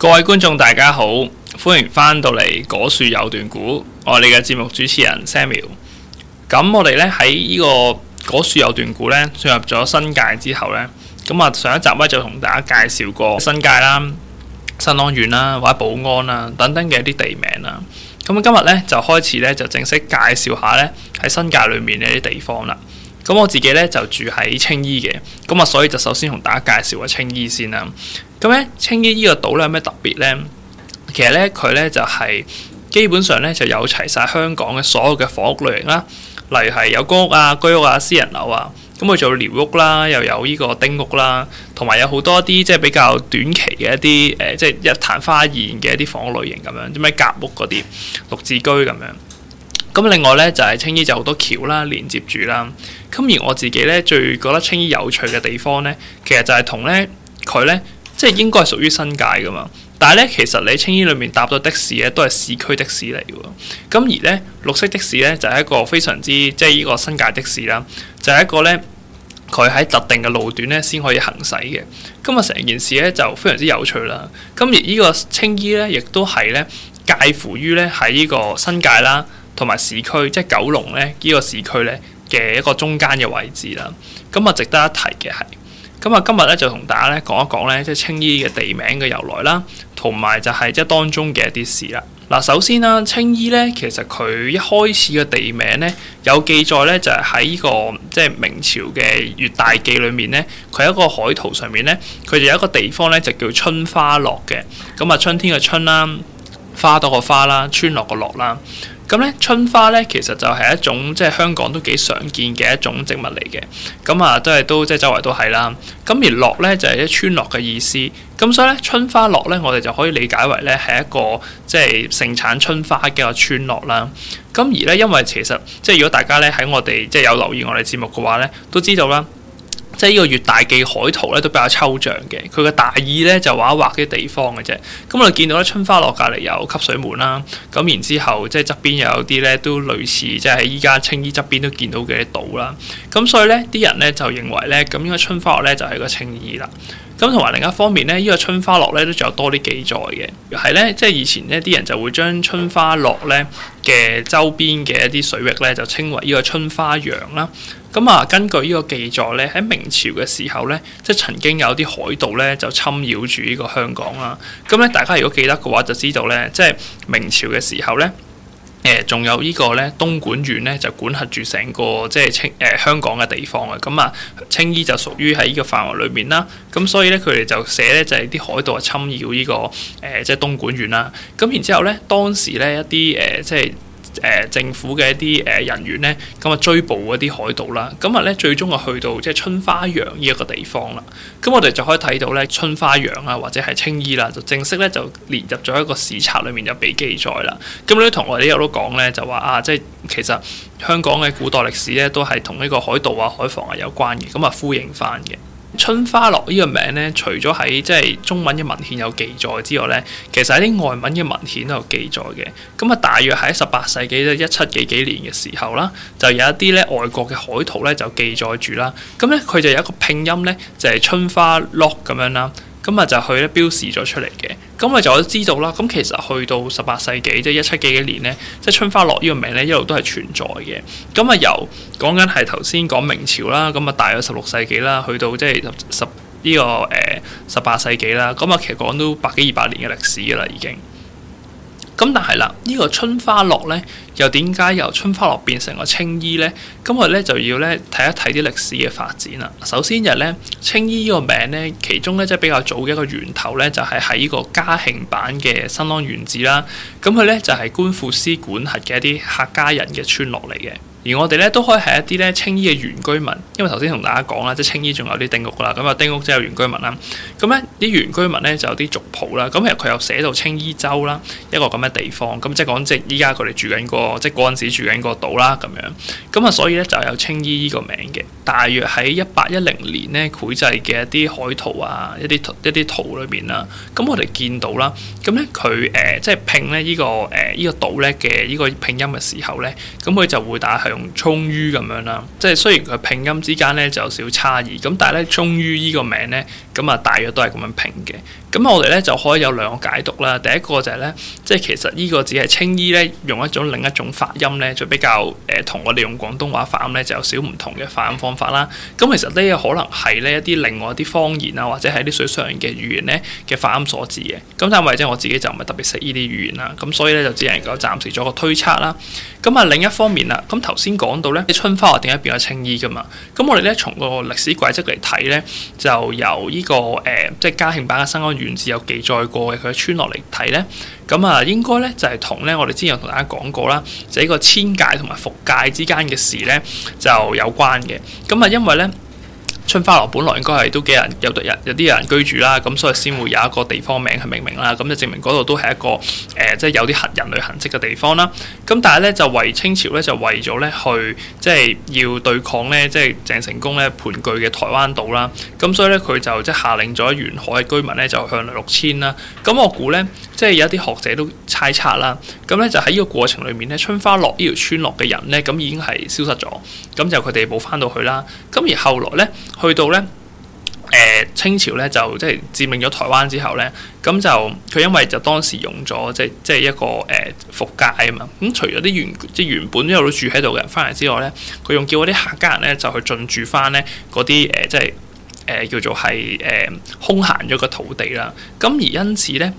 各位觀眾，大家好，歡迎返到嚟《果樹有段古》，我哋嘅節目主持人 Samuel。咁我哋咧喺呢個《果樹有段古》咧進入咗新界之後咧，咁啊上一集咧就同大家介紹過新界啦、新安縣啦、或者寶安啦等等嘅一啲地名啦。咁今日咧就開始咧就正式介紹下咧喺新界裏面嘅一啲地方啦。咁我自己咧就住喺青衣嘅，咁啊所以就首先同大家介紹下青衣先啦。咁咧青衣個島呢個島咧有咩特別咧？其實咧佢咧就係、是、基本上咧就有齊晒香港嘅所有嘅房屋類型啦，例如係有公屋啊、居屋啊、私人樓啊，咁佢做寮屋啦，又有呢個丁屋啦，同埋有好多啲即係比較短期嘅一啲誒，即係日壇花園嘅一啲房屋類型咁樣，啲咩夾屋嗰啲綠置居咁樣。咁另外咧，就係青衣就好多橋啦，連接住啦。咁而我自己咧，最覺得青衣有趣嘅地方咧，其實就係同咧佢咧，即係應該係屬於新界噶嘛。但係咧，其實你喺青衣裏面搭到的士咧，都係市區的士嚟㗎。咁而咧，綠色的士咧，就係一個非常之即係呢個新界的士啦，就係一個咧佢喺特定嘅路段咧先可以行駛嘅。咁啊，成件事咧就非常之有趣啦。咁而呢個青衣咧，亦都係咧介乎於咧喺呢個新界啦。同埋市區，即係九龍咧。呢、呢個市區咧嘅一個中間嘅位置啦。咁啊，值得一提嘅係咁啊，今日咧就同大家咧講一講咧，即係青衣嘅地名嘅由來啦，同埋就係即係當中嘅一啲事啦。嗱，首先啦，青衣咧，其實佢一開始嘅地名咧有記載咧，就係喺呢個即係明朝嘅《粵大記》裡面咧，佢有一個海圖上面咧，佢哋有一個地方咧就叫春花落嘅。咁啊，春天嘅春啦，花朵個花啦，村落個落啦。咁咧春花咧其實就係一種即係香港都幾常見嘅一種植物嚟嘅，咁啊都係都即係周圍都係啦。咁而落咧就係一村落嘅意思，咁所以咧春花落咧我哋就可以理解為咧係一個即係盛產春花嘅村落啦。咁而咧因為其實即係如果大家咧喺我哋即係有留意我哋節目嘅話咧，都知道啦。即係呢個粵大記海圖咧，都比較抽象嘅。佢嘅大意咧就畫一畫啲地方嘅啫。咁、嗯、我哋見到咧春花落隔離有汲水門啦。咁、啊、然之後，即係側邊又有啲咧都類似，即係喺依家青衣側邊都見到嘅啲島啦。咁、啊、所以咧啲人咧就認為咧，咁、嗯、應該春花落咧就係、是、個青衣啦。咁同埋另一方面咧，呢個春花落咧都仲有多啲記載嘅，係咧，即係以前呢啲人就會將春花落咧嘅周邊嘅一啲水域咧就稱為呢個春花洋啦。咁啊，根據呢個記載咧，喺明朝嘅時候咧，即係曾經有啲海盜咧就侵擾住呢個香港啦。咁咧，大家如果記得嘅話，就知道咧，即係明朝嘅時候咧。誒仲有呢個咧，東莞縣咧就管轄住成個即係青誒香港嘅地方啊，咁啊青衣就屬於喺呢個範圍裏面啦。咁所以咧，佢哋就寫咧就係啲海盜啊侵擾呢個誒即係東莞縣啦。咁然之後咧，當時咧一啲誒即係。呃就是誒、呃、政府嘅一啲誒、呃、人員咧，咁啊追捕嗰啲海盜啦，咁日咧最終啊去到即係春花陽呢一個地方啦，咁我哋就可以睇到咧春花陽啊或者係青衣啦，啊，就正式咧就連入咗一個史冊裏面就被記載啦。咁呢同我哋都講咧就話啊，即係其實香港嘅古代歷史咧都係同呢個海盜啊海防啊有關嘅，咁啊呼應翻嘅。春花落呢個名咧，除咗喺即係中文嘅文獻有記載之外咧，其實喺啲外文嘅文獻都有記載嘅。咁啊，大約喺十八世紀咧一七幾幾年嘅時候啦，就有一啲咧外國嘅海圖咧就記載住啦。咁咧佢就有一個拼音咧就係、是、春花落咁樣啦。咁啊就去咧標示咗出嚟嘅。咁咪就我知道啦。咁其實去到十八世紀，即係一七幾年咧，即係春花落呢個名咧，一路都係存在嘅。咁啊由講緊係頭先講明朝啦，咁啊大約十六世紀啦，去到即係十呢個誒十八世紀啦。咁啊其實講都百幾二百年嘅歷史㗎啦，已經。咁但係啦，呢、呢個春花落咧，又點解由春花落變成個青衣咧？咁我咧就要咧睇一睇啲歷史嘅發展啦。首先呢，日咧青衣呢個名咧，其中咧即係比較早嘅一個源頭咧，就係喺呢個嘉慶版嘅《新安縣志》啦。咁佢咧就係、是、官富司管轄嘅一啲客家人嘅村落嚟嘅。而我哋咧都可以係一啲咧青衣嘅原居民，因為頭先同大家講啦，即係青衣仲有啲丁屋噶啦，咁啊丁屋即係原居民啦。咁咧啲原居民咧就有啲族譜啦，咁其實佢又寫到青衣洲啦，一個咁嘅地方，咁即係講即係依家佢哋住緊個即係嗰陣時住緊個島啦咁樣，咁啊，所以咧就有青衣呢個名嘅，大約喺一八一零年咧繪製嘅一啲海圖啊，一啲一啲圖裏邊啦。咁我哋見到啦，咁咧佢誒即係拼咧、這、呢個誒呢、呃呢個島咧嘅呢個拼音嘅時候咧，咁佢就會打用“充於”咁樣啦，即係雖然佢拼音之間咧就有少少差異咁，但係咧“充于”依個名咧，咁啊大約都係咁樣拼嘅。咁我哋咧就可以有兩個解讀啦。第一個就係咧，即係其實呢個只係青衣咧用一種另一種發音咧，就比較誒同、呃、我哋用廣東話發音咧就有少唔同嘅發音方法啦。咁其實呢個可能係呢一啲另外一啲方言啊，或者係啲水上嘅語言咧嘅發音所致嘅。咁但係為咗我自己就唔係特別識呢啲語言啦、啊，咁所以咧就只能夠暫時做個推測啦。咁啊另一方面啦，咁頭先講到咧，春花又點解變咗青衣噶嘛？咁我哋咧從個歷史軌跡嚟睇咧，就由呢、呢個誒、呃、即係嘉慶版嘅新安。原自有記載過嘅，佢嘅村落嚟睇咧，咁啊應該咧就係同咧我哋之前有同大家講過啦，就係、呢個千界同埋伏界之間嘅事咧就有關嘅，咁啊因為咧。春花落本來應該係都幾人有人有啲人，人居住啦，咁所以先會有一個地方名去命名啦。咁就證明嗰度都係一個誒、呃，即係有啲核人類痕跡嘅地方啦。咁但係咧就為清朝咧就為咗咧去即係要對抗咧即係鄭成功咧盤踞嘅台灣島啦。咁所以咧佢就即係下令咗沿海嘅居民咧就向陸遷啦。咁我估咧即係有一啲學者都猜測啦。咁咧就喺呢個過程裡面咧，春花落呢條村落嘅人咧咁已經係消失咗，咁就佢哋冇返到去啦。咁而後來咧。去到咧，誒、呃、清朝咧就即係佔領咗台灣之後咧，咁就佢因為就當時用咗即係即係一個誒、呃、復界啊嘛，咁除咗啲原即係原本都有住喺度嘅人翻嚟之外咧，佢用叫嗰啲客家人咧就去進駐翻咧嗰啲誒即係誒、呃、叫做係誒、呃、空閒咗嘅土地啦，咁而因此咧。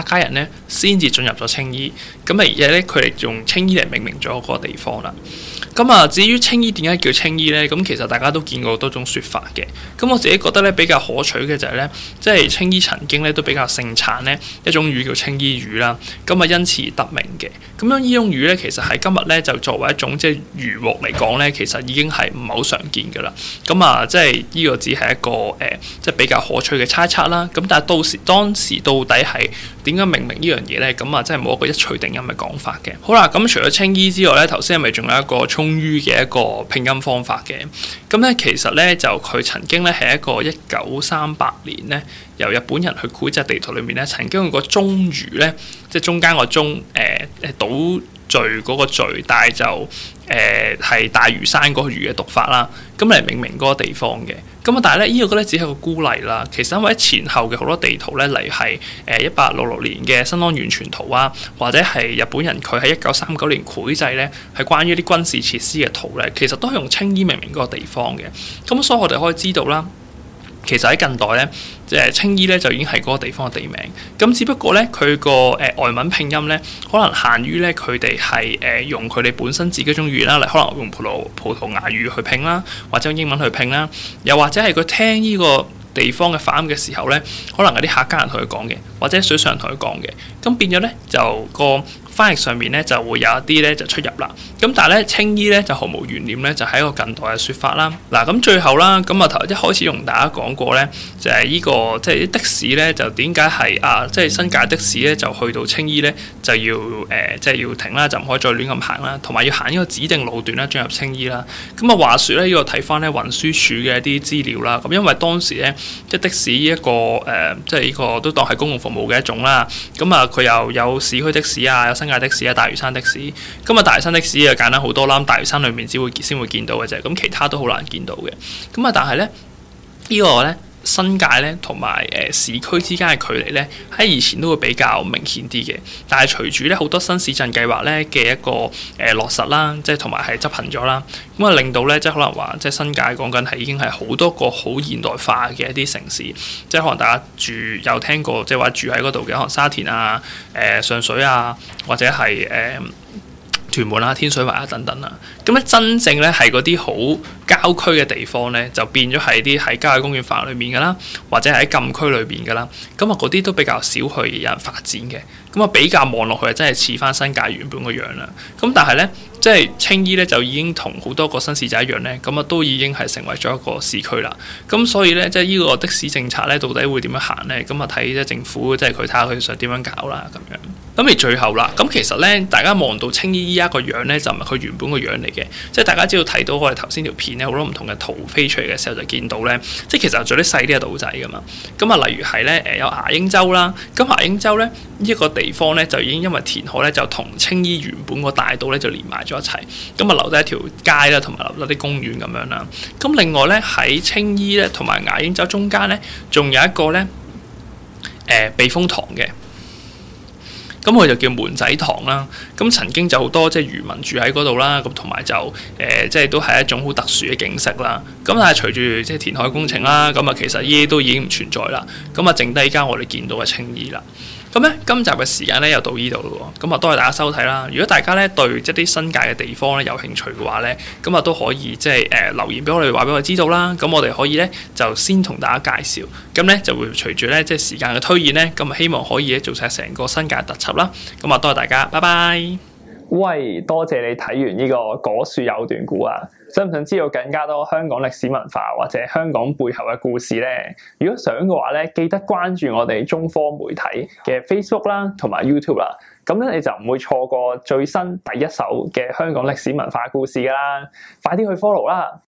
客家人咧先至進入咗青衣，咁啊而家咧佢哋用青衣嚟命名咗嗰個地方啦。咁啊至於青衣點解叫青衣咧？咁其實大家都見過多種説法嘅。咁我自己覺得咧比較可取嘅就係、是、咧，即係青衣曾經咧都比較盛產咧一種魚叫青衣魚啦。咁啊因此而得名嘅。咁樣呢種魚咧其實喺今日咧就作為一種即係魚獲嚟講咧，其實已經係唔係好常見㗎喇。咁啊即係呢個只係一個誒、呃、即係比較可取嘅猜測啦。咁但係到時當時到底係？點解明明呢樣嘢呢？咁啊，真係冇一個一錘定音嘅講法嘅。好啦，咁除咗青衣之外呢，頭先係咪仲有一個沖於嘅一個拼音方法嘅？咁呢，其實呢，就佢曾經呢，係一個一九三八年呢，由日本人去繪製地圖裡面呢，曾經有個中於呢。即係中間個中，誒誒島嶼嗰個聚，但、呃、係就誒係、呃、大嶼山嗰個魚嘅讀法啦，咁嚟命名嗰個地方嘅。咁啊，但係咧呢個咧只係個孤例啦。其實因為前後嘅好多地圖咧，例如係誒一八六六年嘅《新安縣全圖》啊，或者係日本人佢喺一九三九年繪製咧，係關於啲軍事設施嘅圖咧，其實都係用青衣命名嗰個地方嘅。咁所以我哋可以知道啦。其實喺近代咧，即係青衣咧就已經係嗰個地方嘅地名。咁只不過咧，佢個誒外文拼音咧，可能限於咧佢哋係誒用佢哋本身自己一種語言啦，可能用葡萄葡萄牙語去拼啦，或者用英文去拼啦，又或者係佢聽呢個地方嘅發音嘅時候咧，可能有啲客家人同佢講嘅，或者水上人同佢講嘅，咁變咗咧就個，翻譯上面咧就會有一啲咧就出入啦，咁但係咧青衣咧就毫無懸念咧，就係一個近代嘅説法啦。嗱咁最後啦，咁啊頭一開始同大家講過咧，就係依個即係的士咧，就點解係啊，即係新界的士咧就去到青衣咧就要誒即係要停啦，就唔可以再亂咁行啦，同埋要行呢個指定路段啦，進入青衣啦。咁啊話說咧，呢個睇翻咧運輸署嘅一啲資料啦，咁因為當時咧即係的士呢，一個誒，即係呢個都當係公共服務嘅一種啦。咁啊佢又有市區的士啊。新的士啊，大嶼山的士，今日大嶼山的士就簡單好多啦，大嶼山裏面只會先會見到嘅啫，咁其他都好難見到嘅，咁啊，但係呢呢個呢？這個新界咧同埋誒市區之間嘅距離咧，喺以前都會比較明顯啲嘅。但係隨住咧好多新市鎮計劃咧嘅一個誒、呃、落實啦，即係同埋係執行咗啦，咁、嗯、啊令到咧即係可能話即係新界講緊係已經係好多個好現代化嘅一啲城市，即係可能大家住有聽過，即係話住喺嗰度嘅，可能沙田啊、誒、呃、上水啊，或者係誒。呃屯門啦、天水圍啦等等啦，咁咧真正咧係嗰啲好郊區嘅地方咧，就變咗係啲喺郊野公園範圍裡面㗎啦，或者係喺禁區裏邊㗎啦。咁啊，嗰啲都比較少去有人發展嘅。咁啊，比較望落去，真係似翻新界原本個樣啦。咁但係咧。即係青衣咧，就已經同好多個新市鎮一樣咧，咁啊都已經係成為咗一個市區啦。咁所以咧，即係呢個的士政策咧，到底會點樣行咧？咁啊睇咧政府，即係佢睇下佢想點樣搞啦咁樣。咁而最後啦，咁其實咧，大家望到青衣依家個樣咧，就唔係佢原本個樣嚟嘅。即係大家只要睇到我哋頭先條片咧，好多唔同嘅圖飛出嚟嘅時候就見到咧，即係其實做啲細啲嘅島仔㗎嘛。咁啊，例如係咧，誒有牙英洲啦。咁牙英洲咧，呢一個地方咧，就已經因為填海咧，就同青衣原本個大島咧就連埋咗。一齊，咁啊留低一條街啦，同埋留低啲公園咁樣啦。咁另外咧喺青衣咧同埋牙鷹洲中間咧，仲有一個咧誒、呃、避風塘嘅。咁佢就叫門仔塘啦。咁曾經就好多即係漁民住喺嗰度啦。咁同埋就誒、呃、即係都係一種好特殊嘅景色啦。咁但係隨住即係填海工程啦，咁啊其實呢啲都已經唔存在啦。咁啊剩低依家我哋見到嘅青衣啦。咁咧，今集嘅時間咧又到呢度咯喎，咁啊多謝大家收睇啦！如果大家咧對一啲新界嘅地方咧有興趣嘅話咧，咁啊都可以即係誒、呃、留言俾我哋話俾我哋知道啦，咁我哋可以咧就先同大家介紹，咁咧就會隨住咧即係時間嘅推演咧，咁啊希望可以做晒成個新界特輯啦，咁啊多謝大家，拜拜。喂，多謝你睇完呢個果樹有段故啊！想唔想知道更加多香港歷史文化或者香港背後嘅故事咧？如果想嘅話咧，記得關注我哋中科媒體嘅 Facebook 啦，同埋 YouTube 啦。咁咧你就唔會錯過最新第一手嘅香港歷史文化故事㗎啦！快啲去 follow 啦！